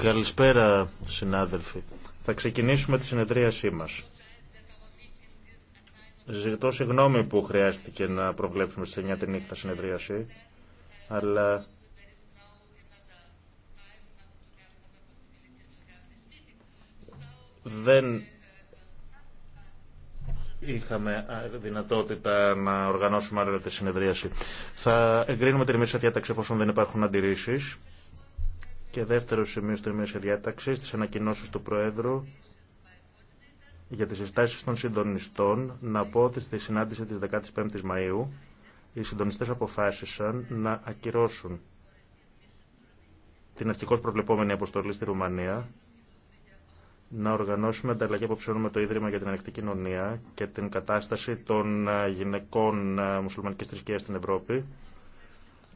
Καλησπέρα, συνάδελφοι. Θα ξεκινήσουμε τη συνεδρίασή μας. Ζητώ συγγνώμη που χρειάστηκε να προβλέψουμε σε 9 τη νύχτα συνεδρίαση, αλλά δεν είχαμε δυνατότητα να οργανώσουμε άλλη τη συνεδρίαση. Θα εγκρίνουμε την ημέρα διάταξη εφόσον δεν υπάρχουν αντιρρήσει. Και δεύτερο σημείο τη ημερήσια διάταξη, τι ανακοινώσει του Προέδρου για τι συστάσει των συντονιστών, να πω ότι στη συνάντηση τη 15η Μαου οι συντονιστέ αποφάσισαν να ακυρώσουν την αρχικώ προβλεπόμενη αποστολή στη Ρουμανία να οργανώσουμε ανταλλαγή απόψεων με το Ίδρυμα για την Ανοιχτή Κοινωνία και την κατάσταση των ε, γυναικών ε, μουσουλμανικής θρησκείας στην Ευρώπη,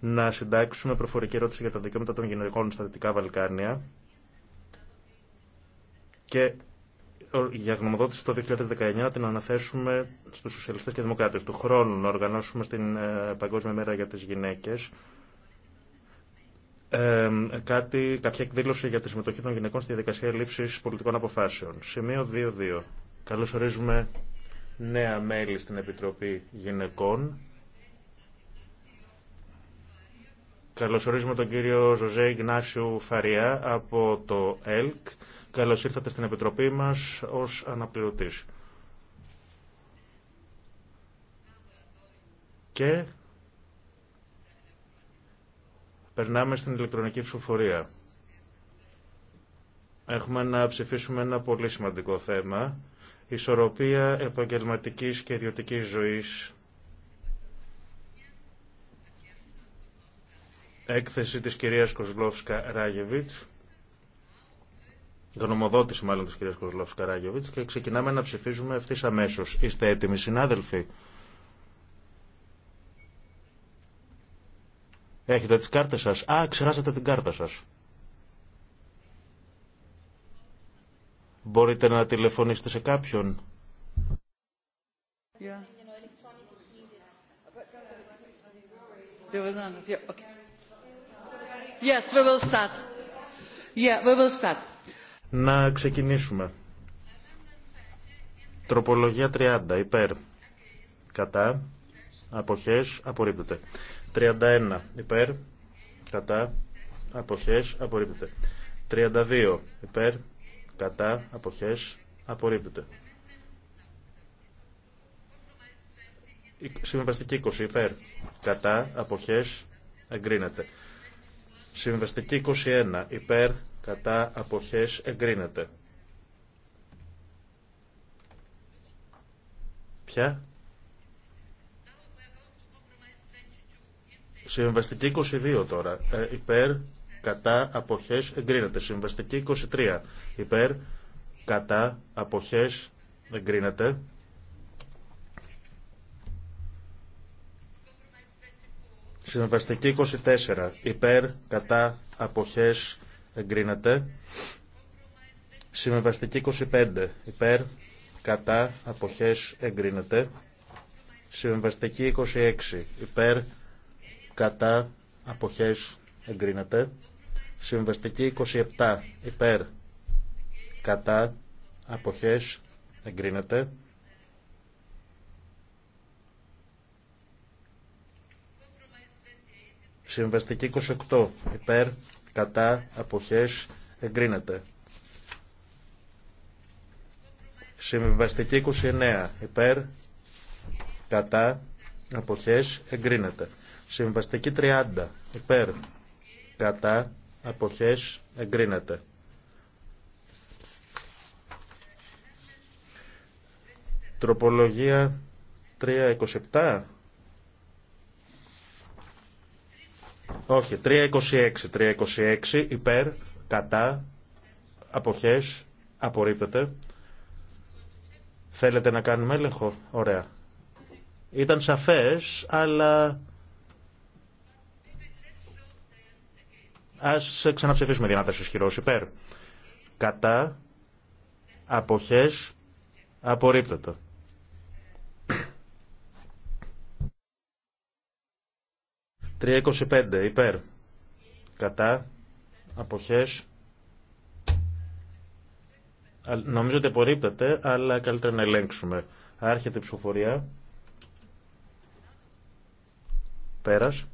να συντάξουμε προφορική ερώτηση για τα δικαιώματα των γυναικών στα Δυτικά Βαλκάνια και για γνωμοδότηση το 2019 να την αναθέσουμε στους σοσιαλιστές και δημοκράτες του χρόνου να οργανώσουμε στην ε, Παγκόσμια Μέρα για τις Γυναίκες ε, κάτι, κάποια εκδήλωση για τη συμμετοχή των γυναικών στη διαδικασία λήψη πολιτικών αποφάσεων. Σημείο 2.2. Καλωσορίζουμε νέα μέλη στην Επιτροπή Γυναικών. Καλωσορίζουμε τον κύριο Ζωζέ Ιγνάσιου Φαρία από το ΕΛΚ. Καλώ ήρθατε στην Επιτροπή μας ως αναπληρωτής. Και Περνάμε στην ηλεκτρονική ψηφοφορία. Έχουμε να ψηφίσουμε ένα πολύ σημαντικό θέμα. Ισορροπία επαγγελματικής και ιδιωτικής ζωής. Έκθεση της κυρίας Κοσλόφσκα Ράγεβιτς. Γνωμοδότηση μάλλον της κυρίας Κοσλόφσκα Ράγεβιτς και ξεκινάμε να ψηφίζουμε ευθύ αμέσω. Είστε έτοιμοι συνάδελφοι. Έχετε τις κάρτες σας. Α, ξεχάσατε την κάρτα σας. Μπορείτε να τηλεφωνήσετε σε κάποιον. Yes, we will start. we will start. Να ξεκινήσουμε. Τροπολογία 30. Υπέρ. Κατά. Αποχές. Απορρίπτεται. 31 υπέρ, κατά, αποχές, απορρίπτεται. 32 υπέρ, κατά, αποχές, απορρίπτεται. Συμβαστική 20 υπέρ, κατά, αποχές, εγκρίνεται. Συμβαστική 21 υπέρ, κατά, αποχές, εγκρίνεται. Ποια? Συμβαστική 22 τώρα. Ε, υπέρ, κατά, αποχές, εγκρίνεται. Συμβαστική 23. Υπέρ, κατά, αποχές, εγκρίνεται. Συμβαστική 24. Υπέρ, κατά, αποχές, εγκρίνεται. Συμβαστική 25. Υπέρ, κατά, αποχές, εγκρίνεται. Συμβαστική 26. Υπέρ, κατά, αποχές, εγκρίνεται. Συμβαστική 27 υπέρ, κατά, αποχές, εγκρίνεται. Συμβαστική 28 υπέρ, κατά, αποχές, εγκρίνεται. Συμβαστική 29 υπέρ, κατά, αποχές, εγκρίνεται. Συμβαστική 30 υπέρ κατά αποχές εγκρίνεται. Τροπολογία 327. Όχι, 326. 326 υπέρ, κατά, αποχές, απορρίπτεται. Θέλετε να κάνουμε έλεγχο. Ωραία. Ήταν σαφές, αλλά Ας ξαναψηφίσουμε διανάταση ισχυρός υπέρ. Κατά αποχές απορρίπτεται. 325 υπέρ. Κατά αποχές Νομίζω ότι απορρίπτεται, αλλά καλύτερα να ελέγξουμε. Άρχεται η ψηφοφορία. Πέρας.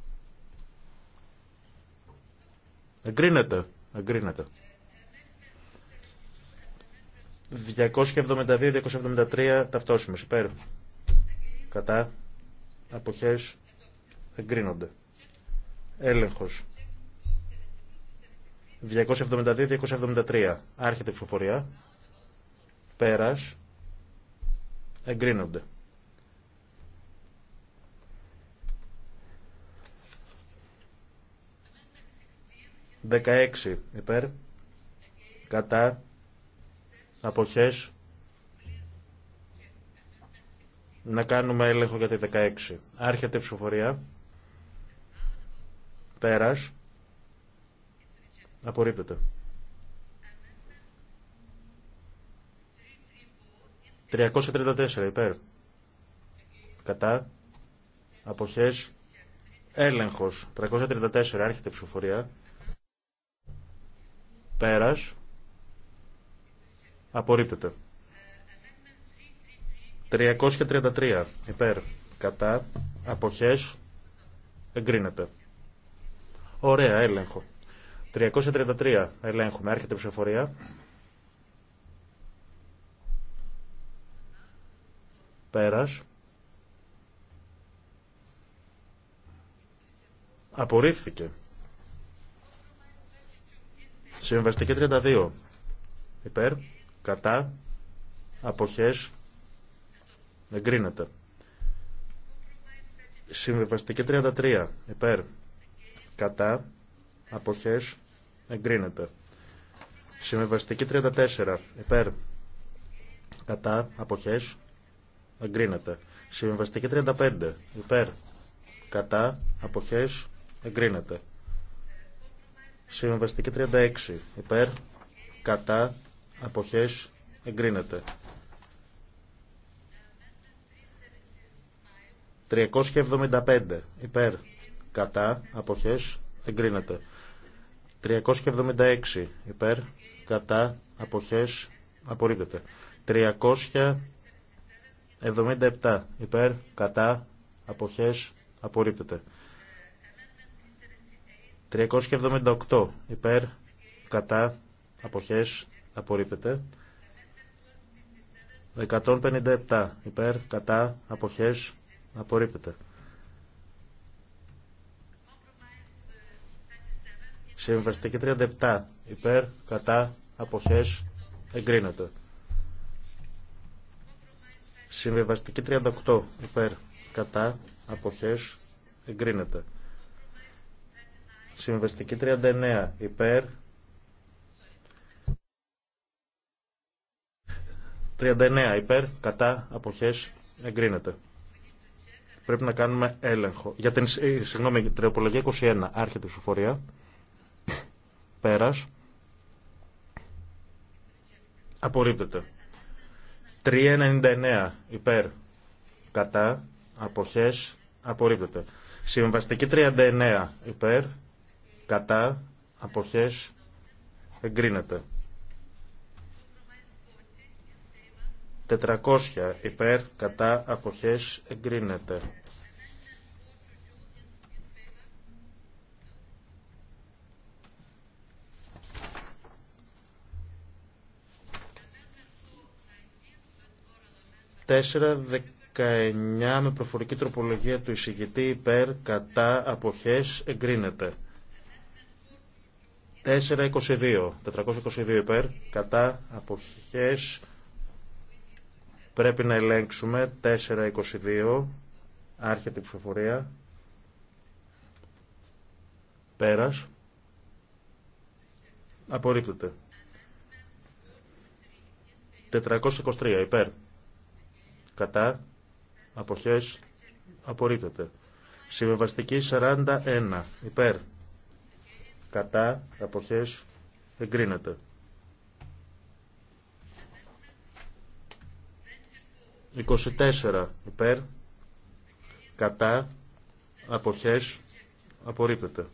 Εγκρίνεται. Εγκρίνεται. 272-273 ταυτόσιμες υπέρ. Κατά. Αποχές. Εγκρίνονται. Έλεγχος. 272-273. Άρχεται η ψηφοφορία. Πέρας. Εγκρίνονται. 16 υπέρ κατά αποχές να κάνουμε έλεγχο για τη 16 άρχεται η ψηφοφορία πέρας απορρίπτεται 334 υπέρ κατά αποχές έλεγχος 334 άρχεται η ψηφοφορία Πέρας. Απορρίπτεται. 333 υπέρ. Κατά. Αποχές. Εγκρίνεται. Ωραία, έλεγχο. 333 ελέγχουμε. Άρχεται ψηφοφορία. Πέρας. Απορρίφθηκε. Συμβαστική 32. Υπέρ, κατά, αποχές, εγκρίνεται. Συμβαστική 33. Υπέρ, κατά, αποχές, εγκρίνεται. Συμβαστική 34. Υπέρ, κατά, αποχές, εγκρίνεται. Συμβαστική 35. Υπέρ, κατά, αποχές, εγκρίνεται. Συμβαστική 36. Υπέρ, κατά, αποχές, εγκρίνεται. 375. Υπέρ, κατά, αποχές, εγκρίνεται. 376. Υπέρ, κατά, αποχές, απορρίπτεται. 377. Υπέρ, κατά, αποχές, απορρίπτεται. 378 υπέρ, κατά, αποχές, απορρίπτεται. 157 υπέρ, κατά, αποχές, απορρίπτεται. Συμβαστική 37 υπέρ, κατά, αποχές, εγκρίνεται. Συμβιβαστική 38 υπέρ, κατά, αποχές, εγκρίνεται. Συμβαστική 39 υπέρ. 39 υπέρ, κατά, αποχές, εγκρίνεται. Πρέπει να κάνουμε έλεγχο. Για την, ε, συγγνώμη, τριοπολογία 21, άρχεται η ψηφοφορία. Πέρας. Απορρίπτεται. 3,99 υπέρ, κατά, αποχές, απορρίπτεται. Συμβαστική 39 υπέρ, κατά, αποχές, εγκρίνεται. 400 υπέρ, κατά, αποχές, εγκρίνεται. Τέσσερα με προφορική τροπολογία του εισηγητή υπέρ κατά αποχές εγκρίνεται. 422, 422 υπέρ, κατά αποχές πρέπει να ελέγξουμε 422, άρχεται η ψηφοφορία, πέρας, απορρίπτεται. 423 υπέρ, κατά αποχές απορρίπτεται. Συμβεβαστική 41 υπέρ, κατά, αποχές, εγκρίνεται. 24 υπέρ, κατά, αποχές, απορρίπτεται.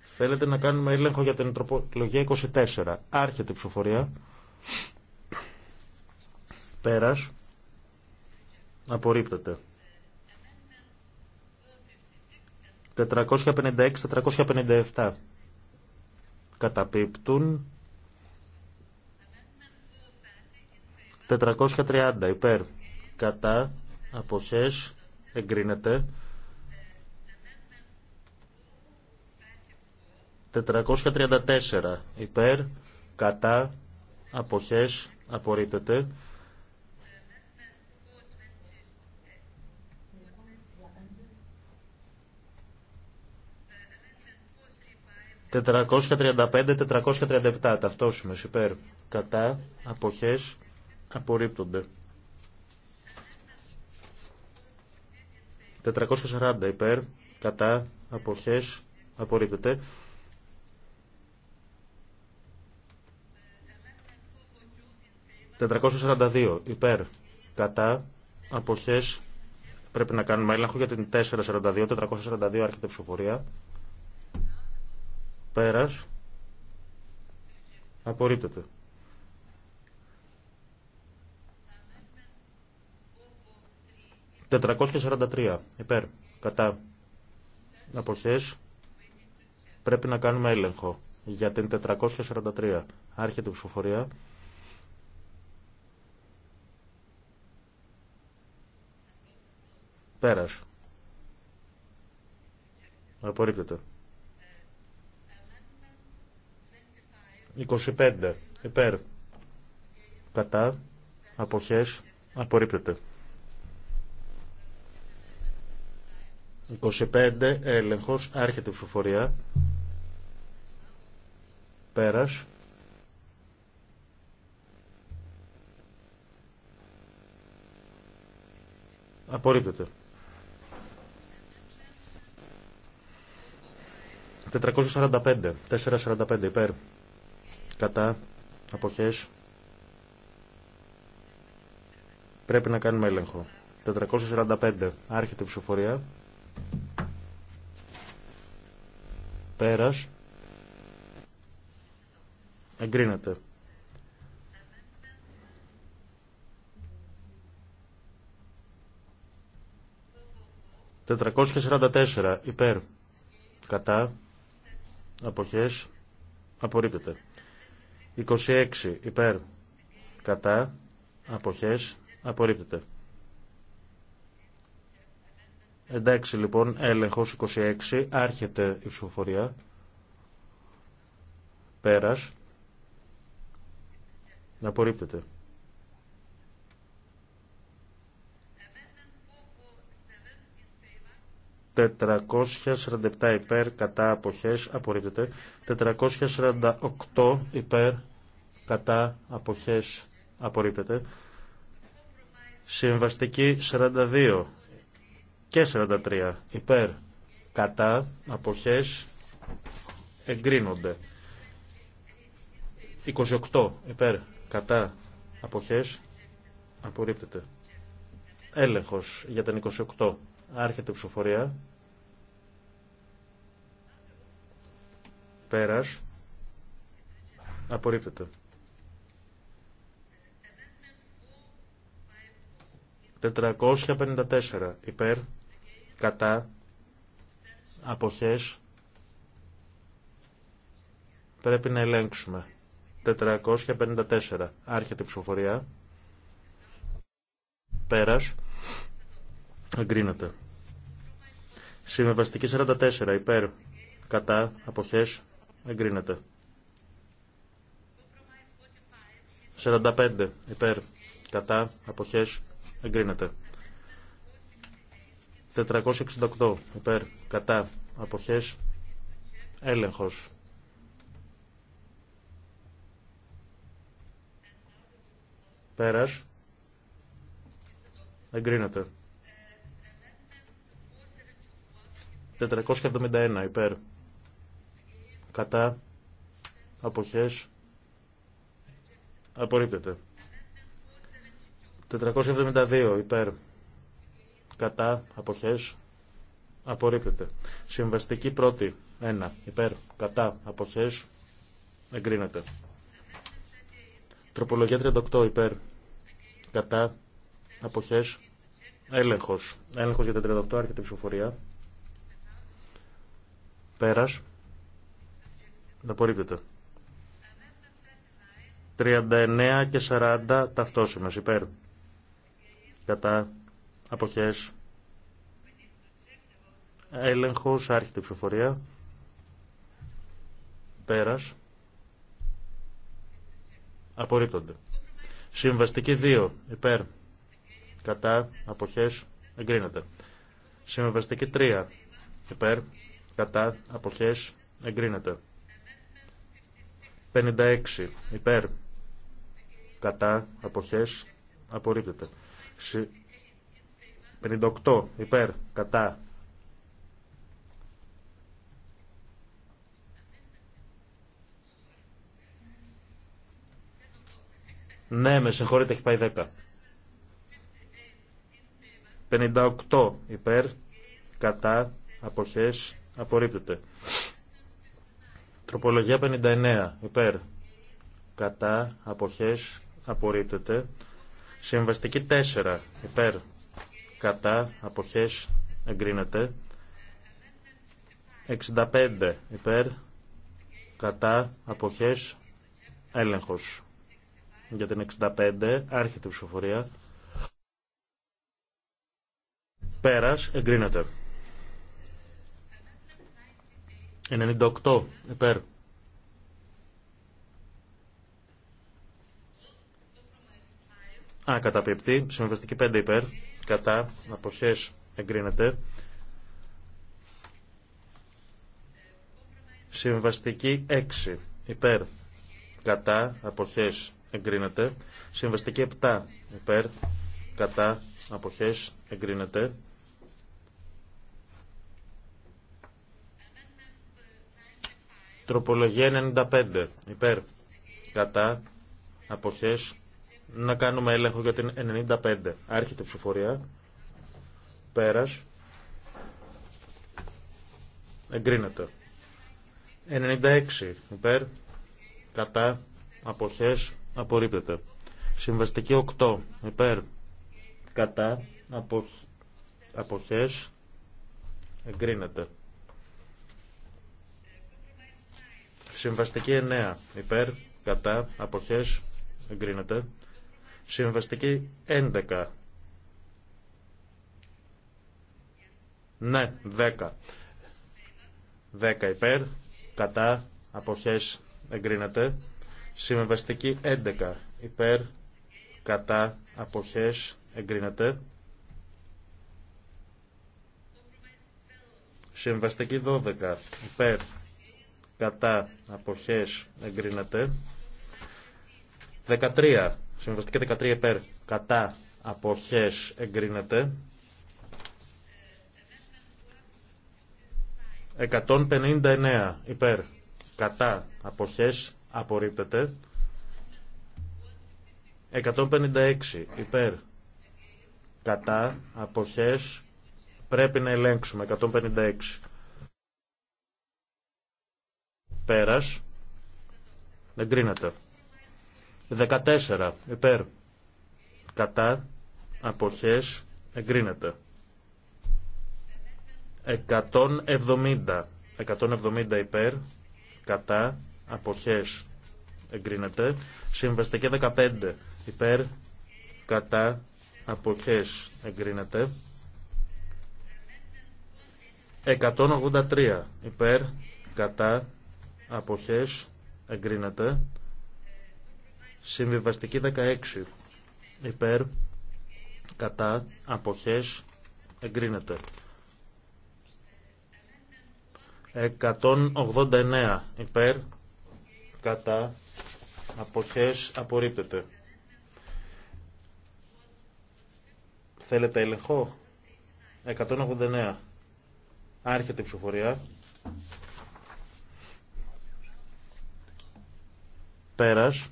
Θέλετε να κάνουμε έλεγχο για την τροπολογία 24. Άρχεται η ψηφοφορία. Πέρας. Απορρίπτεται. 456-457 καταπίπτουν 430 υπέρ κατά αποχές εγκρίνεται 434 υπέρ κατά αποχές απορρίπτεται 435-437 ταυτόσιμες υπέρ κατά αποχές απορρίπτονται 440 υπέρ κατά αποχές απορρίπτεται 442 υπέρ κατά αποχές πρέπει να κάνουμε έλεγχο για την 442 442 άρχεται ψηφοφορία Πέρας. Απορρίπτεται. ...443 υπέρ, κατά αποχές πρέπει να κάνουμε έλεγχο για την 443 άρχεται η ψηφοφορία πέρας απορρίπτεται 25 υπέρ κατά αποχές απορρίπτεται. 25 έλεγχος άρχεται η φοφορία. πέρας απορρίπτεται 445 445 υπέρ κατά αποχές πρέπει να κάνουμε έλεγχο. 445 άρχεται η ψηφοφορία. Πέρας. Εγκρίνεται. 444 υπέρ κατά αποχές απορρίπτεται. 26 υπέρ κατά αποχές απορρίπτεται. Εντάξει λοιπόν, έλεγχος 26, άρχεται η ψηφοφορία. Πέρας. Απορρίπτεται. 447 υπέρ κατά αποχές απορρίπτεται 448 υπέρ κατά αποχές απορρίπτεται συμβαστική 42 και 43 υπέρ κατά αποχές εγκρίνονται 28 υπέρ κατά αποχές απορρίπτεται έλεγχος για την 28 άρχεται η ψηφοφορία Πέρας. Απορρίπτεται. 454 υπέρ, κατά, αποχές, πρέπει να ελέγξουμε. 454, άρχεται η ψηφοφορία, πέρας, εγκρίνεται. Συμβεβαστική 44 υπέρ, κατά, αποχές, Εγκρίνεται. 45 υπέρ κατά αποχές εγκρίνεται. 468 υπέρ κατά αποχές έλεγχος. Πέρας εγκρίνεται. 471 υπέρ κατά αποχές απορρίπτεται 472 υπέρ κατά αποχές απορρίπτεται συμβαστική πρώτη 1 υπέρ κατά αποχές εγκρίνεται τροπολογία 38 υπέρ κατά αποχές έλεγχος έλεγχος για τα 38 άρχεται ψηφοφορία πέρας Απορρίπτεται. 39 και 40 ταυτόσημες υπέρ. Κατά αποχές. Έλεγχος, άρχιτη ψηφοφορία. Πέρας. Απορρίπτονται. Συμβαστική 2 υπέρ. Κατά αποχές. Εγκρίνεται. Συμβαστική 3 υπέρ. Κατά αποχές. Εγκρίνεται. 56 υπέρ κατά αποχές απορρίπτεται 58 υπέρ κατά Ναι, με συγχωρείτε, έχει πάει 10. 58 υπέρ, κατά, αποχές, απορρίπτεται. Τροπολογία 59. Υπέρ. Κατά. Αποχές. Απορρίπτεται. Συμβαστική 4. Υπέρ. Κατά. Αποχές. Εγκρίνεται. 65. Υπέρ. Κατά. Αποχές. Έλεγχος. Για την 65. Άρχεται η ψηφοφορία. Πέρας. Εγκρίνεται. 98 υπέρ. Α, καταπιεπτή. Συμβαστική 5 υπέρ. Κατά. Αποχές εγκρίνεται. Συμβαστική 6 υπέρ. Κατά. Αποχές εγκρίνεται. Συμβαστική 7 υπέρ. Κατά. απόχέ εγκρίνεται. Τροπολογία 95. Υπέρ. Κατά. Αποχές. Να κάνουμε έλεγχο για την 95. Άρχεται ψηφορία. Πέρας. Εγκρίνεται. 96. Υπέρ. Κατά. Αποχές. Απορρίπτεται. Συμβαστική 8. Υπέρ. Κατά. Αποχές. Εγκρίνεται. Συμβαστική 9 υπέρ, κατά, αποχές, εγκρίνεται. Συμβαστική 11. Ναι, 10. 10 υπέρ, κατά, αποχές, εγκρίνεται. Συμβαστική 11 υπέρ, κατά, αποχές, εγκρίνεται. Συμβαστική 12 υπέρ, κατά αποχές εγκρίνεται 13 συμβαστική 13 υπέρ κατά αποχές εγκρίνεται 159 υπέρ κατά αποχές απορρίπτεται 156 υπέρ κατά αποχές πρέπει να ελέγξουμε 156 Εγκρίνεται. 14. Υπέρ. Κατά. Αποχές. Εγκρίνεται. 170. 170 υπέρ. Κατά. Αποχές. Εγκρίνεται. Συμβαστική 15. Υπέρ. Κατά. Αποχές. Εγκρίνεται. 183. Υπέρ. Κατά αποχές εγκρίνεται συμβιβαστική 16 υπέρ κατά αποχές εγκρίνεται 189 υπέρ κατά αποχές απορρίπτεται θέλετε έλεγχο 189 άρχεται η ψηφοφορία Πέρας.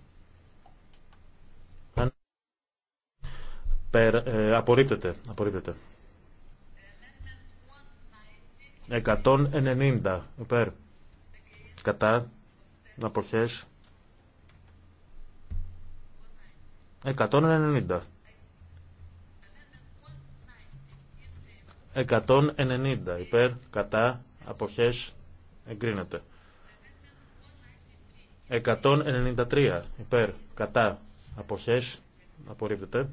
Πέρα, ε, απορρίπτεται. Απορρίπτεται. 190 υπέρ. Κατά. Αποχές. 190. 190 υπέρ, κατά, αποχές, εγκρίνεται. 193 υπέρ κατά αποχές απορρίπτεται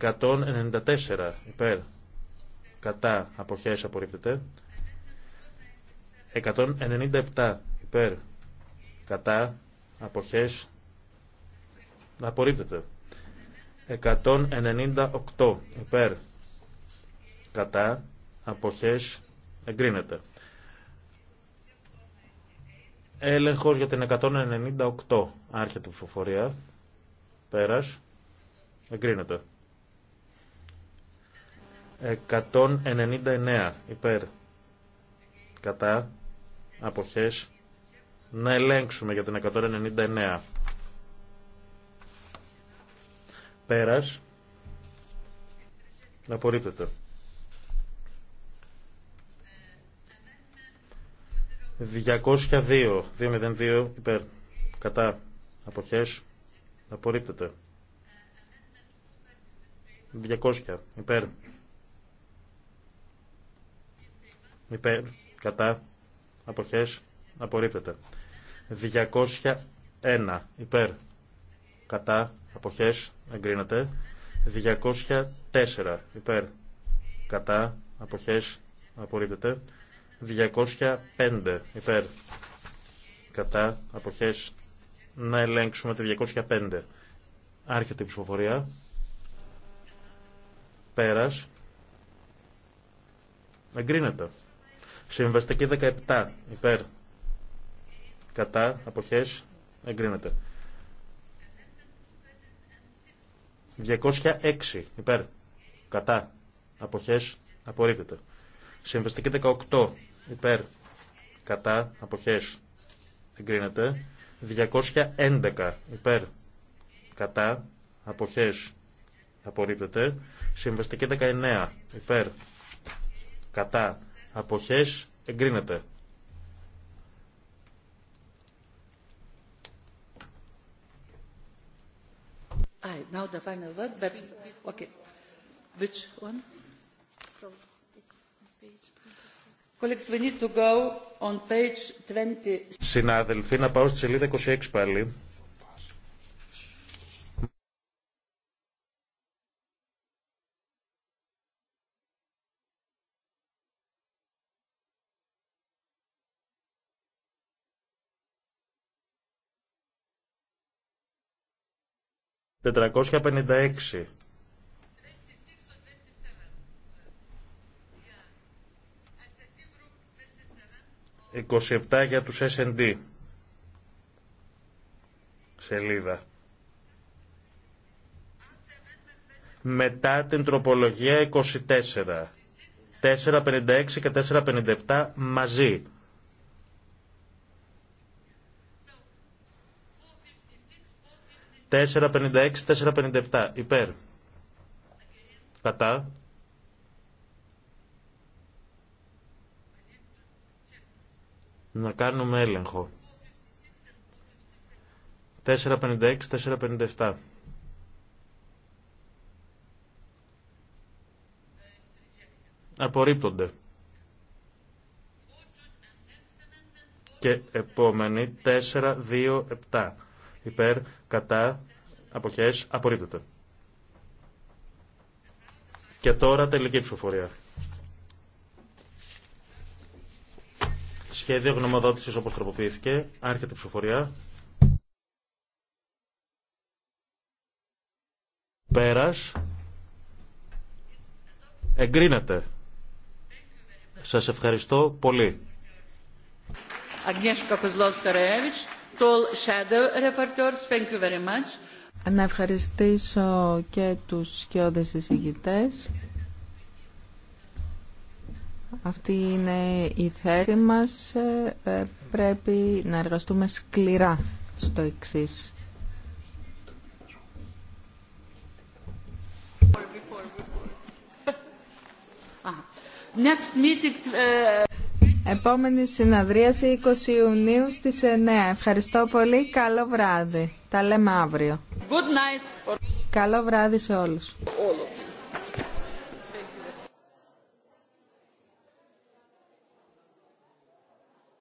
194 υπέρ κατά αποχές απορρίπτεται 197 υπέρ κατά αποχές απορρίπτεται 198 υπέρ κατά αποχές εγκρίνεται Έλεγχος για την 198. Άρχεται η ψηφοφορία. Πέρας. Εγκρίνεται. 199 υπέρ. Κατά. Αποχές. Να ελέγξουμε για την 199. Πέρας. Απορρίπτεται. 202, 202 υπέρ, κατά, αποχές, απορρίπτεται. 200 υπέρ, υπέρ, κατά, αποχές, απορρίπτεται. 201 υπέρ, κατά, αποχές, εγκρίνεται. 204 υπέρ, κατά, αποχές, απορρίπτεται. 205 υπέρ κατά αποχές να ελέγξουμε τη 205 άρχεται η ψηφοφορία πέρας εγκρίνεται συμβαστική 17 υπέρ κατά αποχές εγκρίνεται 206 υπέρ κατά αποχές απορρίπτεται συμβαστική 18 υπέρ κατά αποχές εγκρίνεται 211 υπέρ κατά αποχές απορρίπτεται συμβαστική 19 υπέρ κατά αποχές εγκρίνεται Now the final word, Which one? Συνάδελφοι, να πάω στη σελίδα 26 πάλι. Τετρακόσια 27 για τους S&D. Σελίδα. Μετά την τροπολογία 24. 456 και 457 μαζί. 456-457 υπέρ. Κατά. να κάνουμε έλεγχο. 456-457. Απορρίπτονται. Και επόμενη 4-2-7. Υπέρ, κατά, αποχές, απορρίπτονται. Και τώρα τελική ψηφοφορία. Σχέδιο γνωμοδότησης όπως τροποποιήθηκε. Άρχεται η ψηφοφορία. Πέρας. Εγκρίνεται. Σας ευχαριστώ πολύ. τολ thank you very Να ευχαριστήσω και τους σκιώδες εισηγητές. Αυτή είναι η θέση μας. Ε, ε, πρέπει να εργαστούμε σκληρά στο εξής. Ε, Επόμενη συναδρίαση 20 Ιουνίου στις 9. Ευχαριστώ πολύ. Καλό βράδυ. Τα λέμε αύριο. Good night. Καλό βράδυ σε όλους.